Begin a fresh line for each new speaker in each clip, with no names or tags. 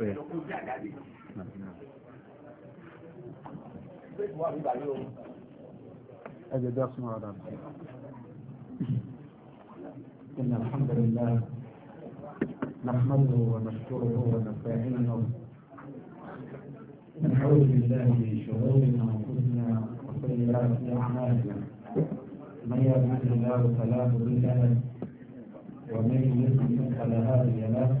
إيه. إن الحمد لله نحمده ونشكره ونستعينه ونعوذ بالله من شرور أنفسنا وسيئات أعمالنا من يهده الله فلا مضل له ومن يضلل فلا هادي له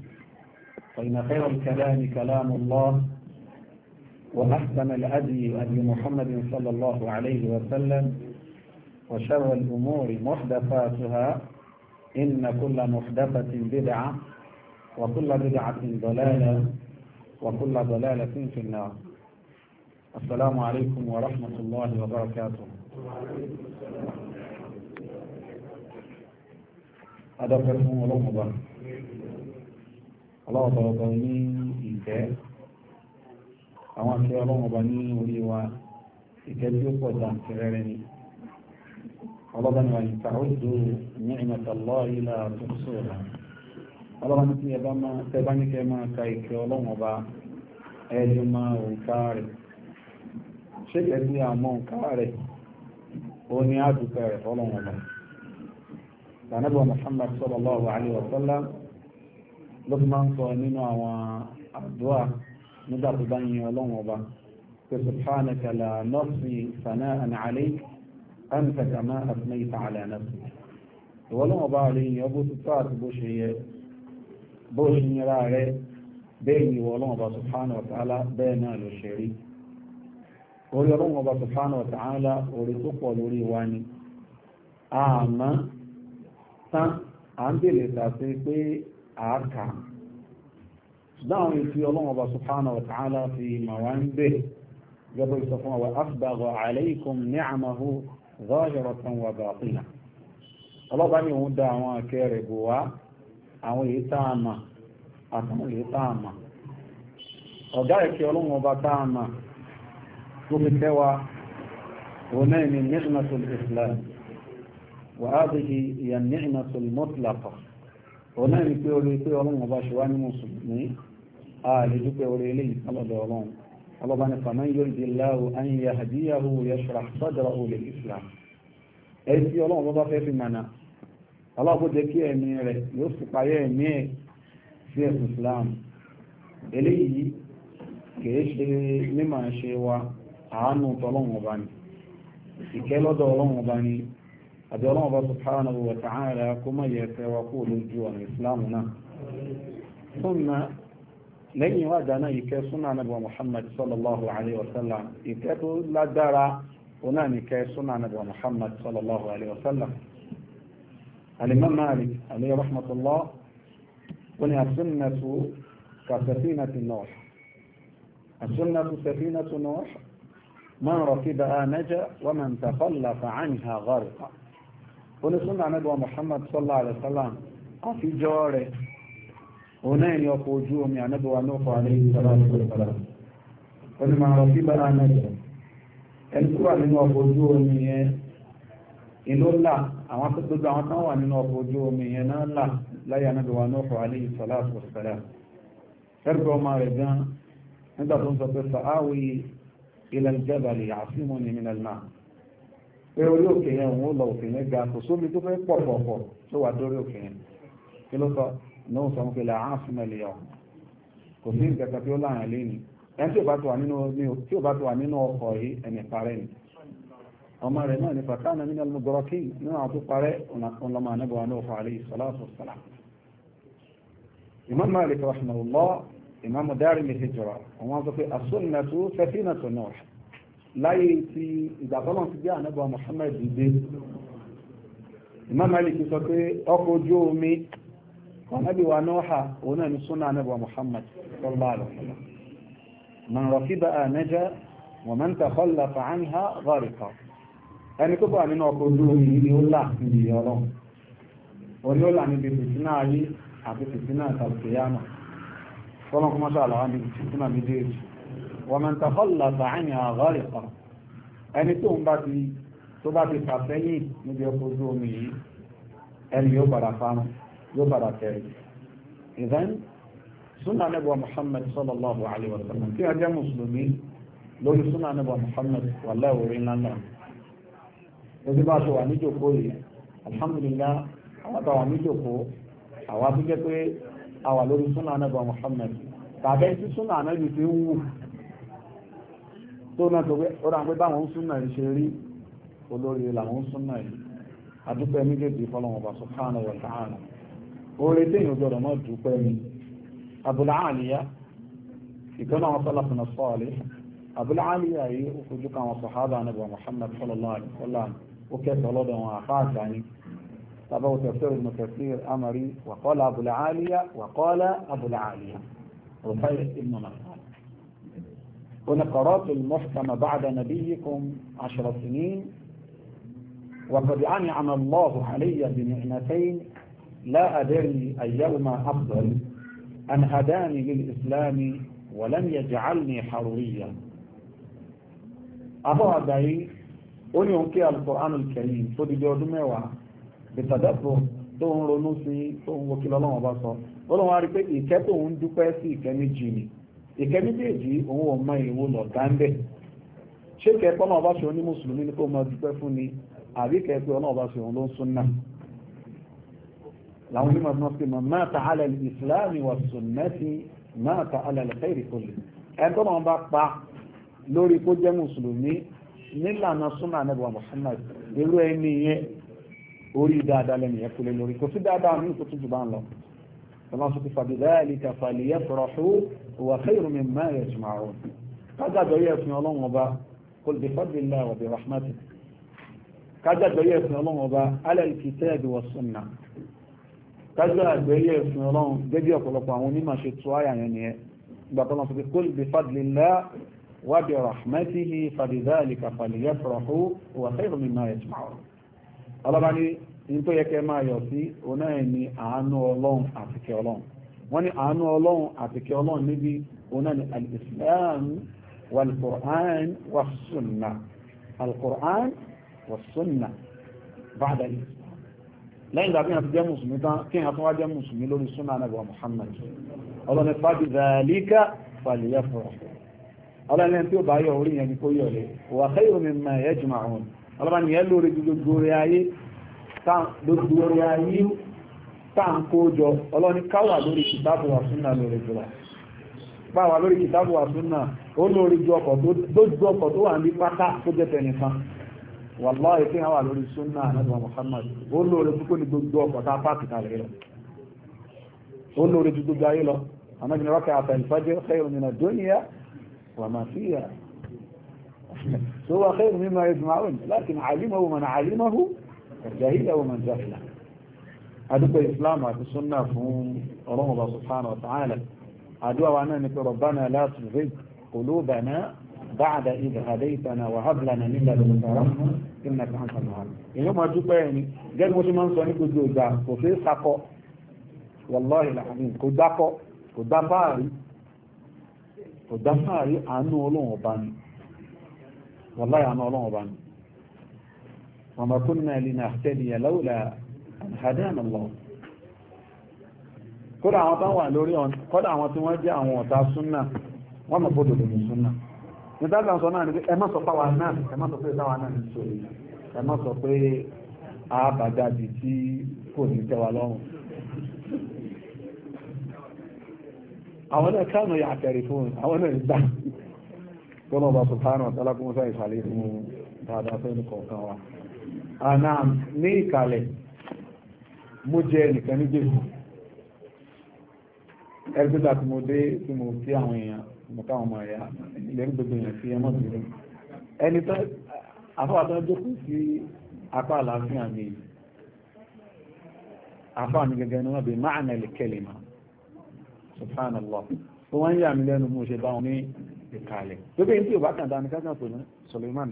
فإن خير الكلام كلام الله وأحسن الأدي أبي محمد صلى الله عليه وسلم وشر الأمور محدثاتها إن كل محدثة بدعة وكل بدعة ضلالة وكل ضلالة في النار السلام عليكم ورحمة الله وبركاته أدركم ولو مبارك ọlọ́wọ́ bọ̀rọ̀bọ̀ ní ìfẹ́ àwọn akẹ́ ọlọ́wọ́ bá ní orí wa ìfẹ́ tí ó pọ̀ jàǹtìrẹrẹ ni ọlọ́ba ni wà ní tàódò ní ìmọ̀tàlọ́ ilà tó sọ̀rọ̀ ọlọ́ba ní tẹ́ bá ní kẹ́ máa ka ìkẹ́ ọlọ́wọ́ bá ẹni máa òǹkà rẹ̀ ṣé ẹni àmọ́ òǹkà rẹ̀ ó ní àdúgbò rẹ̀ ọlọ́wọ́ bá. Tànàbọ̀ Muhammad sallallahu wa sallam ló fi máa ń sọ nínú àwọn àdúrà nígbà tó bá yin ọlọ́run ọba pé subhanaka la nafsi sana'an alayk anta kama asmayta ala nafsi ìwọ ọlọ́run ọba rẹ yìnyín ọbó ti tó àti bó ṣe yẹ bó ṣe yẹra rẹ bẹ́ẹ̀ ni ìwọ ọba subhanahu wa ta'ala bẹ́ẹ̀ náà ló ṣe rí orí ọlọ́run ọba subhanahu wa ta'ala orí tó pọ̀ lórí wa ni àmọ́ tán à ń bèèrè tàbí pé àáka dáhùn ìfi ọlọ́run ọba subhanahu wa ta'ala fi màwá ń bẹ̀ gẹ́gẹ́ bí sọ fún wa asbagha alaykum ni'amahu zahiratan wa batina ọlọ́ba ni òun da àwọn akẹ́rẹ̀ bò wá àwọn èyí tá a mà àtàwọn èyí tá a mà ọ̀gá ìkẹ́ ọlọ́run òun náà ni pé orí pé ọlọ́run ọba ṣe wá ní mùsùlùmí ààrẹ dúpẹ́ orí eléyìí sálọ̀dọ̀ ọlọ́run ọlọ́ba ní fàmán yóòdì láwù ayé yahadiyahu yashra sadra olè islam ẹni tí ọlọ́run ọba fẹ́ fi mànà ọlọ́bó jẹ́ kí ẹ̀mí rẹ̀ yóò sì parí ẹ̀mí ẹ̀ sí ẹ̀sùn islam eléyìí kìí ṣe mímọ̀ ṣe wa àánú tọ́lọ́run ọba ni ìkẹ́ lọ́dọ̀ ọlọ́run ọba ni أدعو الله سبحانه وتعالى كمية وقول الجوع إسلامنا ثم لن يواد أنا سنة نبو محمد صلى الله عليه وسلم إكتو لا دارا هنا سنة نبو محمد صلى الله عليه وسلم الإمام مالك عليه رحمة الله بني السنة كسفينة نوح السنة سفينة نوح من ركبها نجا ومن تخلف عنها غرق onísúnà anábọ̀ Muhammad sallallahu alaihi wasallam kan fi jọ rẹ̀ òun náà ni ọkọ̀ ojú omi anábọ̀ anúkọ̀ alaihi sallallahu alaihi wasallam oní máa rọ̀ sí bára anájọ ẹni kúrò nínú ọkọ̀ ojú omi yẹn inú là àwọn gbogbo àwọn tán wà nínú ọkọ̀ ojú omi yẹn náà ilẹ̀ ìjẹ́bàlì àfihàn ní mílẹ̀ náà pé orí òkè yẹn òun ó lọ òkè yẹn ga kò sómi tó fẹ́ pọ̀ pọ̀ pọ̀ tó wà dórí òkè yẹn kí ló sọ náà sọ pé là á fún ẹlẹ́yà ọ̀hún kò sí nǹkan kan tí ó láàrin lẹ́ni ẹni tí ò bá tó wà nínú tí ò bá tó wà nínú ọkọ̀ yìí ẹni parẹ́ ni ọmọ rẹ̀ náà ní fàtánà nínú ọlọ́gọ́rọ́kì nínú àwọn tó parẹ́ ọlọ́mọ anábọ̀wá náà fà àlẹ́ ìsọ̀láṣọ̀ sọ̀lá Imam Malik rahmanullah Imam Darimi hijra àwọn sọ pé as-sunnatu safinatu Nuh láyé ti ìgbàtọ́lọ̀ ti gbé ànábọ̀ Muhammad dé Imam Malik sọ pé ọkọ̀ ojú omi kọ̀nábì wa Nuha òun náà ni súnà ànábọ̀ Muhammad sallallahu alaihi wasallam man rakibaha naja wa man takhallafa anha gharqa ẹni tó bá nínú ọkọ̀ ojú omi ni ó là níbi ọ̀rọ̀ orí ومن تخلص عنها غرقا ẹni tó ń bá ti tó bá ti fà sẹ́yìn níbi ọkọ̀ ojú omi yìí ẹni yóò padà fánu yóò padà tẹ̀lé ìdán súnà nígbà muhammad sallallahu alayhi wa sallam kí ọjọ́ mùsùlùmí lórí súnà nígbà muhammad wàlẹ́ orí ńlá náà lórí bá a ṣe wà níjòkó yìí alhamdulillah àwọn àtàwọn níjòkó àwọn àti jẹ́ pé àwà lórí súnà nígbà muhammad tàbí tí súnà náà ti ń wù tó náà tó pé ọ̀rọ̀ àwọn pé báwọn súnà yìí ṣe rí olórí làwọn súnà yìí adúpẹ́ méjèèjì fọlọ́wọn bá subhanahu wa ta'ala oore téèyàn gbọdọ̀ náà dúpẹ́ ni abúlé àlìyá ìkànnà àwọn sálàfin náà sọ àlẹ́ abúlé àlìyá yìí ó fojú kan àwọn sàhábà ànábì Muhammad sallallahu alaihi wasallam ó تفسير ابن وقال أبو العالية وقال أبو العالية رفيع ابن مسعود ونقرات المحكمة بعد نبيكم عشر سنين وقد أنعم الله علي بنعمتين لا أدري أيهما أفضل أن هداني للإسلام ولم يجعلني حروريا أبو أدعي أني أنكي القرآن الكريم فدي جودميوا بتدبر بتدفر تون رنوسي تون tó الله wọkí ولو عارفة sọ ó lọ́wọ́ rí ìkẹ́ méjèèjì òun ò mọ ìwo lọ̀gá ń bẹ̀ ṣé kẹ́ pọ́n náà bá ṣe oní mùsùlùmí ni kó máa dúpẹ́ fún ni àbí kẹ́ pé ọ̀nà ọba ṣe òun ló ń súnà làwọn onímọ̀ náà pé máa ta alẹ́ ìsìláàmì wà sunnati máa ta alẹ́ lẹ́fẹ̀ẹ́rì kọlẹ̀ ẹ̀tọ́ náà bá pa lórí kó jẹ́ mùsùlùmí nílànà súnà nẹ́bọ̀ Muhammad irú ẹni yẹn orí dáadáa lẹ́nu yẹn kúlẹ̀ lórí kò sí dáadáa كما صفف بذلك فليفرحوا هو خير مما يجمعون قد دعية اسمي الله وبا قل بفضل الله وبرحمته قد دعية اسمي الله وبا على الكتاب والسنة قد دعية اسمي الله دبي أقول أقول ما شيء تسوايا يعني قل بفضل الله وبرحمته فلذلك فليفرحوا هو خير مما يجمعون الله يعني ní tó yẹ kẹ́ máa yọ̀ sí ọ̀nà ẹ̀ ní àánú ọlọ́run àtìkẹ́ ọlọ́run wọ́n ní àánú ọlọ́run àtìkẹ́ ọlọ́run níbi ọ̀nà ní al-islam wal-qur'an wa sunna al-qur'an wa sunna lẹ́yìn ìgbà tí ti jẹ́ mùsùlùmí tán kí wọ́n wá jẹ́ mùsùlùmí lórí sunna anabi wa muhammad ọlọ́run fa bi dhalika falyafrah ọlọ́run ẹni tí ó bá yọ orí yẹn ni kó yọ lé wa khayru mimma yajma'un ọlọ́run yẹn lórí gbogbo ayé gbogbo orin ayé táǹkójọ ọlọ́ni káwà lórí kìtàbù wà súnà lórí jùlọ báwà lórí kìtàbù wà súnà ó lórí ju ọkọ̀ tó wà ní pátá tó jẹ́ tẹnìkan wàláhì tí wọ́n wà lórí súnà anábà Muhammad ó lórí púpọ̀ ní gbogbo ọkọ̀ tá pàtì kalẹ̀ lọ ó lórí ju gbogbo ayé lọ anábì ní wákà àtà ìfàjẹ́ khayrun min ad-dunya wa ma fiha tó wà khayrun mimma yajma'un lakin alimahu jahila wa man jahila adúgbò islam àti sunna fún ọlọ́run ọba subhanahu wa ta'ala àdúrà wa náà ni pé rabbana la tuzigh qulubana ba'da idh hadaytana wa hab lana min ladunka rahma innaka antal wahhab èèyàn máa dúpẹ́ ẹni gẹ́gẹ́ bó ṣe máa ń sọ ní gbogbo ìgbà وما كنا لنهتدي لولا أن هدانا الله kódà àwọn tán wà lórí ọ̀n kódà àwọn tí wọ́n jẹ́ àwọn ọ̀tá súnnà wọ́n mọ̀ fódò lórí súnnà ní dágbà sọ náà ni pé ẹ má sọ páwà náà ẹ má sọ pé táwà náà ní sórí ẹ má sọ pé àbàjáde tí kò ní tẹ́wà lọ́rùn àwọn náà kánú yà kẹrì fún àwọn náà gbà gbọ́nà ọba sọ̀tánà tálákùnmọ́sá ìsàlẹ̀ fún dáadáa fẹ́ nìkọ̀ọ̀kan wa anam ní ìkàlẹ̀ mo jẹ́ ẹnìkan ní jésù ẹgbẹ́ta tí mo dé tí mo kí àwọn èèyàn mo káwọn ọmọ ẹ̀yà ilẹ̀ gbogbo èèyàn sí ẹmọ́ ìlú ẹni tó àfáà tó jókòó sí apá àlàáfíà mi àfáà mi gẹ́gẹ́ ni wọ́n bí máàna lè kẹ́lẹ̀ mà subhanallah tó wọ́n ń yà mí lẹ́nu mo ṣe bá wọn ní ìkàlẹ̀ tó bẹ́ẹ̀ tí ò bá kàn dání kákan pè ní Suleiman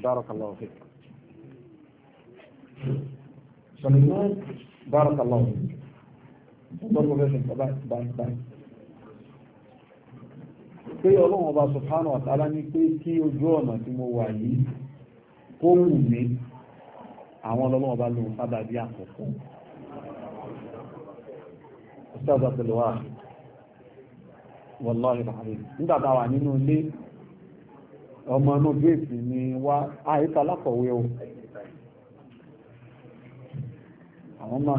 Suleiman barakallahu gbọ́dọ̀ bẹ́ẹ̀ sọ̀tọ̀ báyìí báyìí báyìí. pé ọlọ́run ọba subhanahu wa ta'ala ní pé kí ojú ọ̀nà tí mo wà yìí kó wù mí àwọn ọlọ́run ọba lòun sábà bí àkọ́kọ́. Ustaz Abdulwa wallahi rahim nígbà tá a wà nínú ilé ọmọ inú géètì ni wá àyíká lákọ̀wé o àwọn mọ̀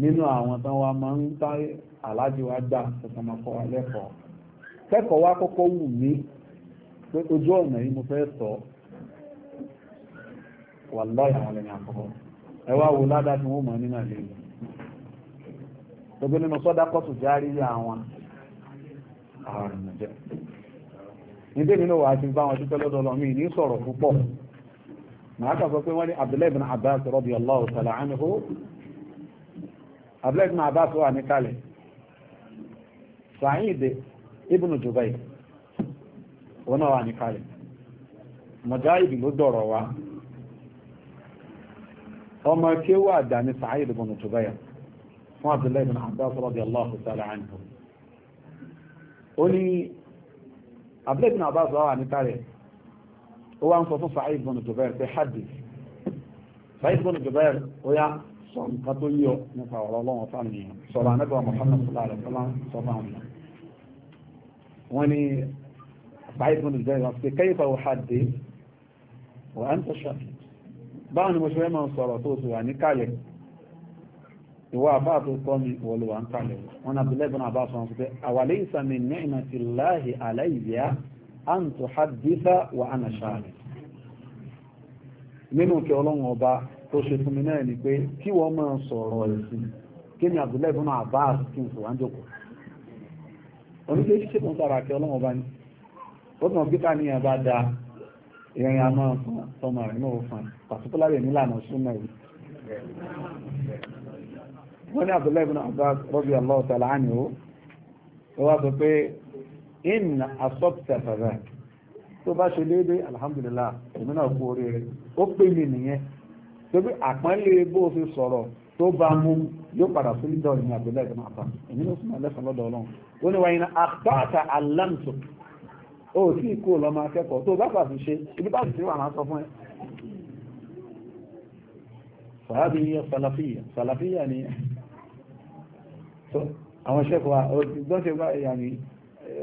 nínú àwọn tán wa máa ń tá aláàjì wa gbà tuntun máa kọ́ wa lẹ́kọ̀ọ́ kẹ́kọ̀ọ́ wa kọ́kọ́ wù mí pé ojú ọ̀nà yìí mo fẹ́ sọ wà lọ́yà àwọn ẹni àkọ́kọ́ ẹ wá wo ládàá tí wọ́n mọ̀ nínú àlè gbogbo nínú sọ́dá kọ́tù járí àwọn àrùn jẹ́ níbi nínú wàá ti bá wọn dúpẹ́ lọ́dọ̀ ní sọ̀rọ̀ púpọ̀ màá kà sọ pé wọ́n ní abdullahi bin abbas radiyallahu ta'ala abdullahi bin abbas wà ní kalẹ̀ sa'id ibn Jubai wọn náà wà ní kalẹ̀ mujahid ló dọ̀rọ̀ wa ọmọ kéwà àgbà ní sa'id ibn jubair fún abdullahi bin abbas radiyallahu ta'ala anhu ó ní abdullahi bin abbas wà ní kalẹ̀ ó wá ń sọ fún Sa'id ibn Jubair pé hadith Sa'id ibn Jubair ó yá sọ nǹkan tó yíyọ nípa ọ̀rọ̀ ọlọ́run fáwọn èèyàn sọ̀rọ̀ anábọ̀ Muhammad sallallahu alaihi wasallam sọ fáwọn èèyàn wọ́n ní Sa'id ibn Jubair wọ́n fi kayfa uhaddith wa anta shahid báwọn ni mo ṣe fẹ́ máa sọ̀rọ̀ tó sì wà ní kálẹ̀ ìwọ àbá tó kọ́ mi wọlé wà ń kálẹ̀ wọn Abdullahi ibn Abbas sọ wọn pé àwàlẹ́ ìsàmì ní ìmọ̀ an tuhadditha wa ana shahid nínú kí ọlọ́run ọba tó ṣe fún mi náà ni pé kí wọ́n máa sọ̀rọ̀ ẹ̀sìn kí ni Abdullahi ibn Abbas kí n sọ̀rọ̀ àjọkọ̀ oníṣẹ́ ṣe fún sára kí ọlọ́run ọba ni ó tún ọgbẹ́ ká ní ẹ̀ bá da ìrìn àmọ́ sọmọ rẹ̀ náà fún un pàṣípàlárì nílànà súnmọ́ rẹ̀ wọ́n ní Abdullahi ibn Abbas radiyallahu ta'ala anhu ó wá sọ pé in asọ́pítà fàrà tó bá ṣe déédéé alhamdulillah èmi náà kú oríire ó pè mí nìyẹn tóbi àpọ́nlé bó o fi sọ̀rọ̀ tó bá mú yóò padà sí lídọ̀ ní àbúlé ìdánwò àpá èmi náà fún ẹlẹ́sàn lọ́dọ̀ ọlọ́run ó ní wáyé náà àtàtà aláǹtò ó sì kú lọ́mọ akẹ́kọ̀ọ́ tó bá fàfi ṣe ibi bá sì ti wà máa sọ fún ẹ. fàábì yẹ sàlàfíyà sàlàfíyà ni àwọn ṣẹ́kọ̀ọ́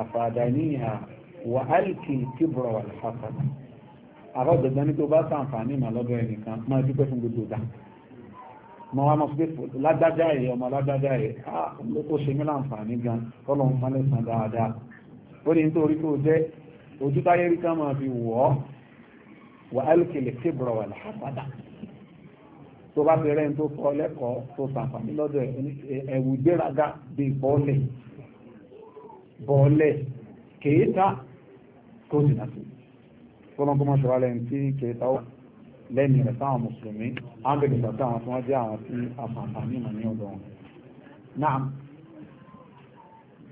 àfàdàníhà wà áìkì kíbrọ̀ wà lásàkàtà àbájọ̀gbọ́n ní tó bá sàǹfààní mà lọ́dọ̀ ẹnìkan máa dúpẹ́ fún gbogbo dà mo wá mọ̀ pé ládájá rẹ̀ ọmọ ládájá rẹ̀ ó ṣe mí láǹfààní gan ọlọ́run pálẹ̀ sàn dáadáa ó ní nítorí tó jẹ́ ojú táyé rí ká máa fi wọ̀ ọ́ wà áìkì kíbrọ̀ wà lásàkàtà tó bá fi rẹ́ni tó kọ́ lẹ́kọ̀ọ́ tó sàǹfààní lọ́dọ̀ ẹ̀wù gbéraga bíi bọ́ọ̀lì bọ́ọ̀lẹ̀ kèéta tó sì náà sí fọ́lọ́nkọ́mọ́ ṣọ́wá lẹ́yìn tí kèéta wà lẹ́yìn rẹ̀ sáwọn mùsùlùmí ábẹ̀lẹ̀ pàtó àwọn tí wọ́n jẹ́ àwọn tí àfàǹfààní mà ní ọ̀dọ̀ wọn náà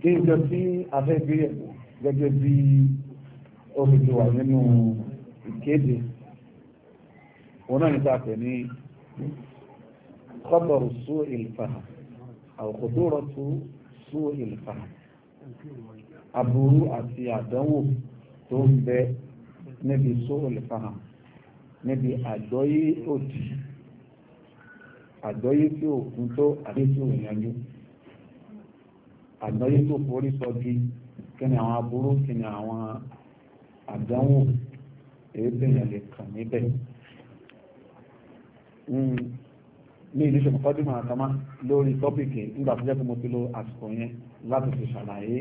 kí n jọ sí afẹ́gbé gẹ́gẹ́ bí olùdó wà nínú ìkéde aburú àti àdánwò tó ń bẹ níbi sóòlù faham níbi àgbọ́yé òdì àgbọ́yé tí ò kún tó àbí tí ò yanjú àgbọ́yé tó forí sọjú kí ni àwọn aburú kí ni àwọn àdánwò èébèyàn lè kàn níbẹ̀. Hmm ní ìlú ṣe mọ̀kọ́dún máa tamá lórí tọ́pìkì nígbà tó jẹ́ pé mo ti lo àsìkò yẹn láti fi ṣàlàyé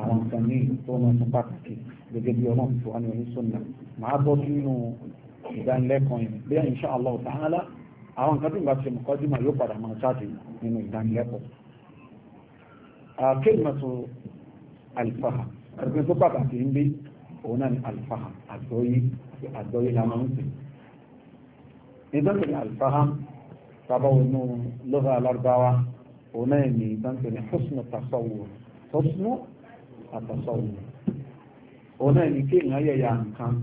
àwọn nǹkan ní tó máa tún pàtàkì gẹ́gẹ́ bí ọlọ́run tó wà ní oníṣòwò máa bọ́ sínú ìdánilẹ́kọ̀ọ́ yẹn bí i insha Allah ta'ala àwọn nǹkan tí ìgbà ṣe mọ̀kọ́dún máa yóò padà máa jáde nínú ìdánilẹ́kọ̀ọ́. kéèmọ̀tò alifaham ẹgbẹ́ sábàwọnú lọ́gà alárúbáwá òun náà ní ìdáǹtẹ̀ ní husnu tasawwur husnu àtasawwur òun náà ní kéèyàn ayẹyẹ nǹkan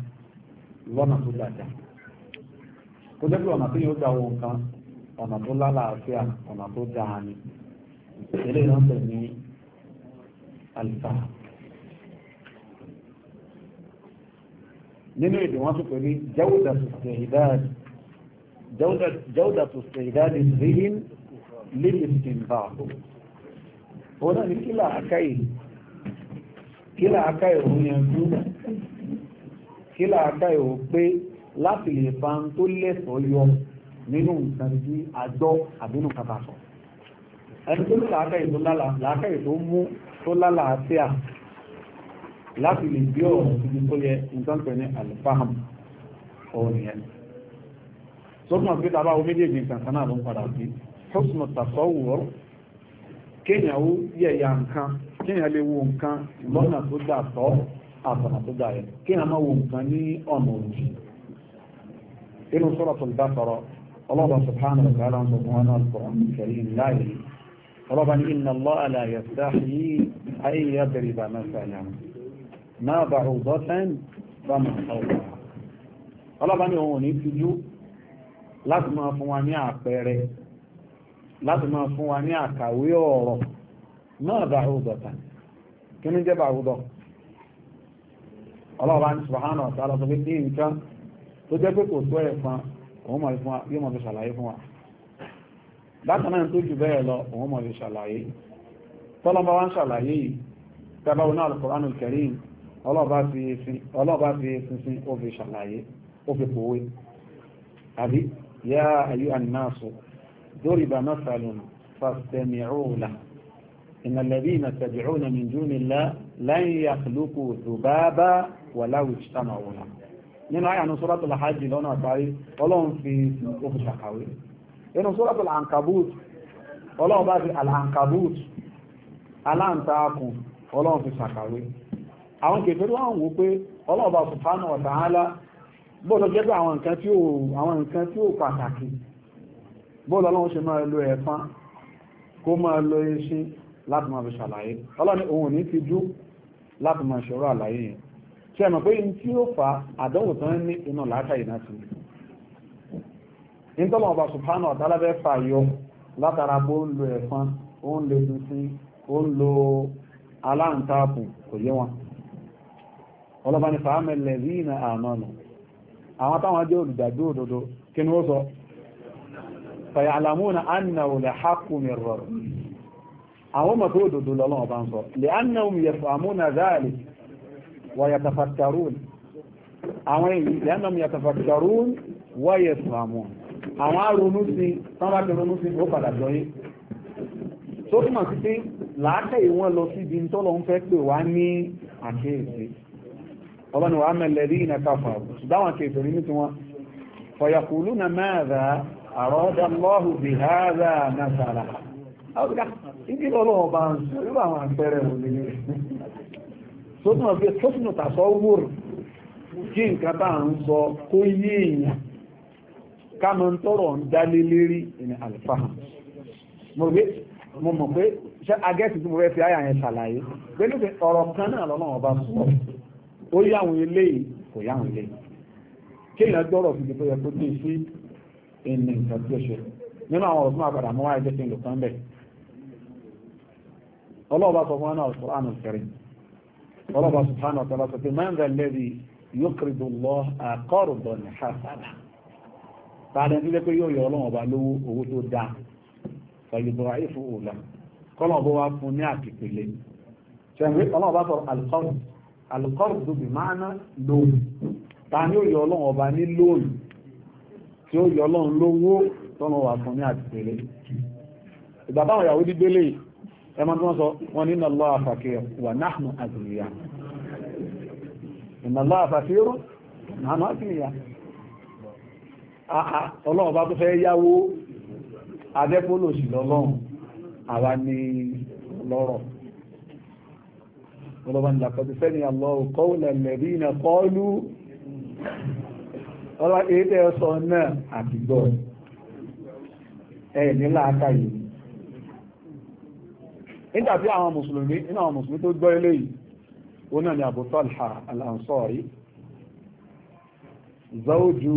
lọ́nà tó dáadáa kó jẹ́ pé ọ̀nà tó yóò gbà wọ nǹkan ọ̀nà tó lálàáfíà ọ̀nà tó dáa ni ìṣẹ̀lẹ̀ náà tẹ̀ ní àlùfà. nínú èdè wọn tún pè ní jáwèdà sùsùn ìdáàdì jawdatu istidadi zihin lílìsìnbà òun náà ni kílà àkáyè kílà àkáyè òun yanjú kílà àkáyè òun pé láti lè fa ń tó lẹ́sọ̀ọ́ yọ nínú nǹkan tí a gbọ́ àbínú kan bá sọ ẹni tó ní làákàyè tó lálà làákàyè tó mú tó lálà àti à láti lè gbé ọ̀rọ̀ síbi tó yẹ nǹkan pẹ̀lú àlùfáàmù ọ̀rọ̀ yẹn sọ́kùnmọ̀ pé tàbá o méjèèjì kankan náà ló ń padà sí sọ́kùnmọ̀ tàṣọ́wọ́ kéèyàn ó yẹ̀yà nǹkan kéèyàn lè wo nǹkan lọ́nà tó dà tọ́ àtọ̀nà tó dà yẹ kéèyàn máa wo nǹkan ní ọ̀nà òjì inú sọ́rọ̀ tó dá sọ̀rọ̀ ọlọ́ba subhanahu wa ta'ala ń sọ fún wa náà sọ̀rọ̀ kẹrin láàyè ọlọ́ba ní inna Allaha la yastahi an yadriba mathalan ma ba'udatan fa ma fawqaha ọlọ́ba ní òun ò ní tijú láti máa fún wa ní àpẹẹrẹ láti máa fún wa ní àkàwé ọ̀rọ̀ náà bàrúdọ̀ tán kí ní jẹ́ bàrúdọ̀ ọlọ́ọ̀bá ní subhanahu wa ta'ala sọ pé ní nǹkan tó jẹ́ pé kò tó ẹ̀fọn òun mọ̀ fún wa yóò mọ̀ fi ṣàlàyé fún wa bákan náà tó jù bẹ́ẹ̀ lọ òun mọ̀ fi ṣàlàyé يا أيها الناس ضرب مثل فاستمعوا له إن الذين تدعون من دون الله لن يخلقوا ذبابا ولو اجتمعوا له nínú àyà ní suratul hajj lọ́nà àtàrí ọlọ́run fi òfin ṣàkàwé inú suratul ankabut ọlọ́run bá fi alankabut aláǹtaakùn ọlọ́run fi ṣàkàwé àwọn kèfèrè wọn wò pé ọlọ́run bá subhanahu wa ta'ala bọ́ọ̀lọ́ jẹ́ pé àwọn nǹkan tí ó àwọn nǹkan tí ó pàtàkì bọ́ọ̀lọ́ ọlọ́run ṣe máa lo ẹ̀fán kó máa lo iṣin láti máa fi ṣàlàyé ọlọ́ni òun ní ti jú láti máa ṣòro àlàyé yẹn ṣe mọ̀ pé ní tí ó fa àdánwò tán ní iná látàrí náà ti ní tọ́lọ̀ ọba subhanahu wa ta'ala fà yọ látara bó ń lo ẹ̀fán ó ń lo tuntun ó ń lo aláǹtakùn kò yé wọn ọlọ́ba ní fàámẹ́lẹ̀ rí ìnà àmọ́nù àwọn táwọn jẹ́ olùgbàgbé òdodo kí ni ó sọ fàyàlàmúnà annáwò lè hákùnmí rọrùn àwọn mọ̀ pé òdodo lọ́lọ́wọ́ bá ń sọ lè annáwò yẹ fàmúnà záàlì wàyà tafakkarún àwọn èyí lè annáwò yẹ tafakkarún wàyà ọlọ́ni wà mẹ́lẹ̀rí ìnà káfà ṣùgbọ́n kèfè rí nítí wọn fọ̀yàkùlú na mẹ́rà àrọ́dá lọ́hù bí hádà nàṣàrà ìdí ọlọ́wọ́ bá ń sọ irú àwọn àpẹẹrẹ wò lè tó tún ọ̀fẹ́ tó tún tàṣọ wúrù kí nǹkan bá ń sọ kó yé èèyàn ká mọ́ ń mo mọ̀ pé ṣe agẹ́sì tí mo fẹ́ fi àyà yẹn ṣàlàyé pé nípa ọ̀rọ̀ kan náà lọ́nà ọba sọ̀rọ̀ ó yáwọn eléyìí kò yáwọn eléyìí kéèyàn gbọ́rọ̀ fi dìbò yẹ kó dín sí ẹni nǹkan tí ó ṣe nínú àwọn ọ̀rọ̀ fún àpàdà mọ́wá ẹgbẹ́ tí ń lò kán bẹ̀ ọlọ́ọ̀bá sọ fún Al-Qur'an Al-Karim ọlọ́ọ̀bá subhanahu wa ta'ala sọ pé man dhal ladhi yuqridu Allaha qardan hasana tààdé ní lẹ́pẹ́ yóò yọ ọlọ́wọ̀n ọba lówó owó tó dáa fàyèbọ̀rọ̀ àìfò alùkọ́rùdù bí máa ná lóhùn ta ni ó yọ ọlọ́run ọba ní lóhùn tí ó yọ ọlọ́run lówó tọ́nà wà fún ní àtìpẹ̀lẹ̀ ìgbà táwọn ìyàwó dídélé ẹmọ tí wọ́n sọ wọn ní nàlọ́ àfàkẹ́ wà náà àgbìyà ìnàlọ́ àfàkẹ́ rú nàánú àgbìyà ọlọ́run bá tó fẹ́ yáwó adẹ́pólòsì lọ́lọ́run àwa ni lọ́rọ̀ ọlọ́bàá ní làkọ́tí sẹ́ni Allahu qawla alladhina qalu ọlá èdè ọsọ náà àtìgbọ́ ẹ̀ nílá akáyè nígbàtí àwọn mùsùlùmí iná àwọn mùsùlùmí tó gbọ́ ilé yìí ó náà ni Abu Talha al-Ansari zawju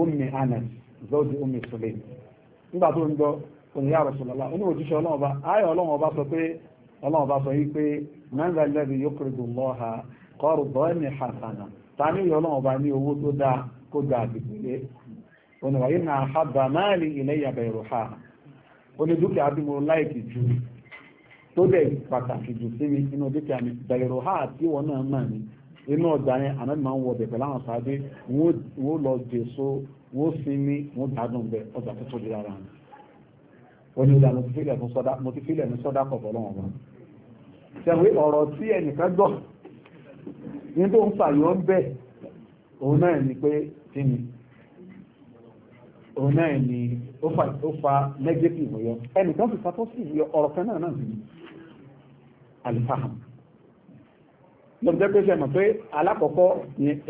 ummi Anas zawju ummi Sulaym nígbà tó ń gbọ́ òní yá Rasulullah ó ọlọ́run sọ wípé mẹ́ńdà lẹ́bi yóò kéré lọ́ha kọ́rù bọ́ẹ̀nì hasana ní owó tó kó náà ha bà máa lè ilẹ̀ ìyàbẹ̀rù ha ó dúkìá bí láìkì ju tó dẹ̀ pàtàkì jù sí mi inú dúkìá ha tí wọn náà mọ̀ inú yẹn máa ń wọ wọn sinmi wọn bẹ ọjà tó tóbi rárá ó ní ìdá mo ti fílẹ̀ ní sọ́dá kọ̀ọ̀kọ̀ lọ́wọ́ wọn. ṣẹ̀wé ọ̀rọ̀ tí ẹnìkan gbọ́ ní tó ń fàyọ́ ń bẹ̀ òun náà ni pé kí ni òun náà ni ó fa negative yọ ẹnìkan sì fa positive yọ ọ̀rọ̀ kan náà náà sì ni alifaham lọ́pọ̀ pé sẹ́mọ̀ pé alákọ̀ọ́kọ́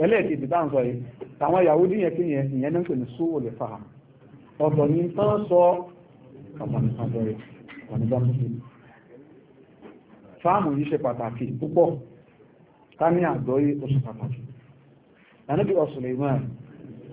ẹlẹ́ẹ̀kejì bá ń sọ yìí tàwọn Yahudi yẹn kí yẹn ìyẹn náà ń pè ní sóòlù kàmọ́ ní sábẹ́rẹ́ kàmọ́ ní gbàmúṣe. fáàmù yìí ṣe pàtàkì púpọ̀ ká ní àgbọ́yé ó ṣe pàtàkì. ànábì ọ̀sùn lè máa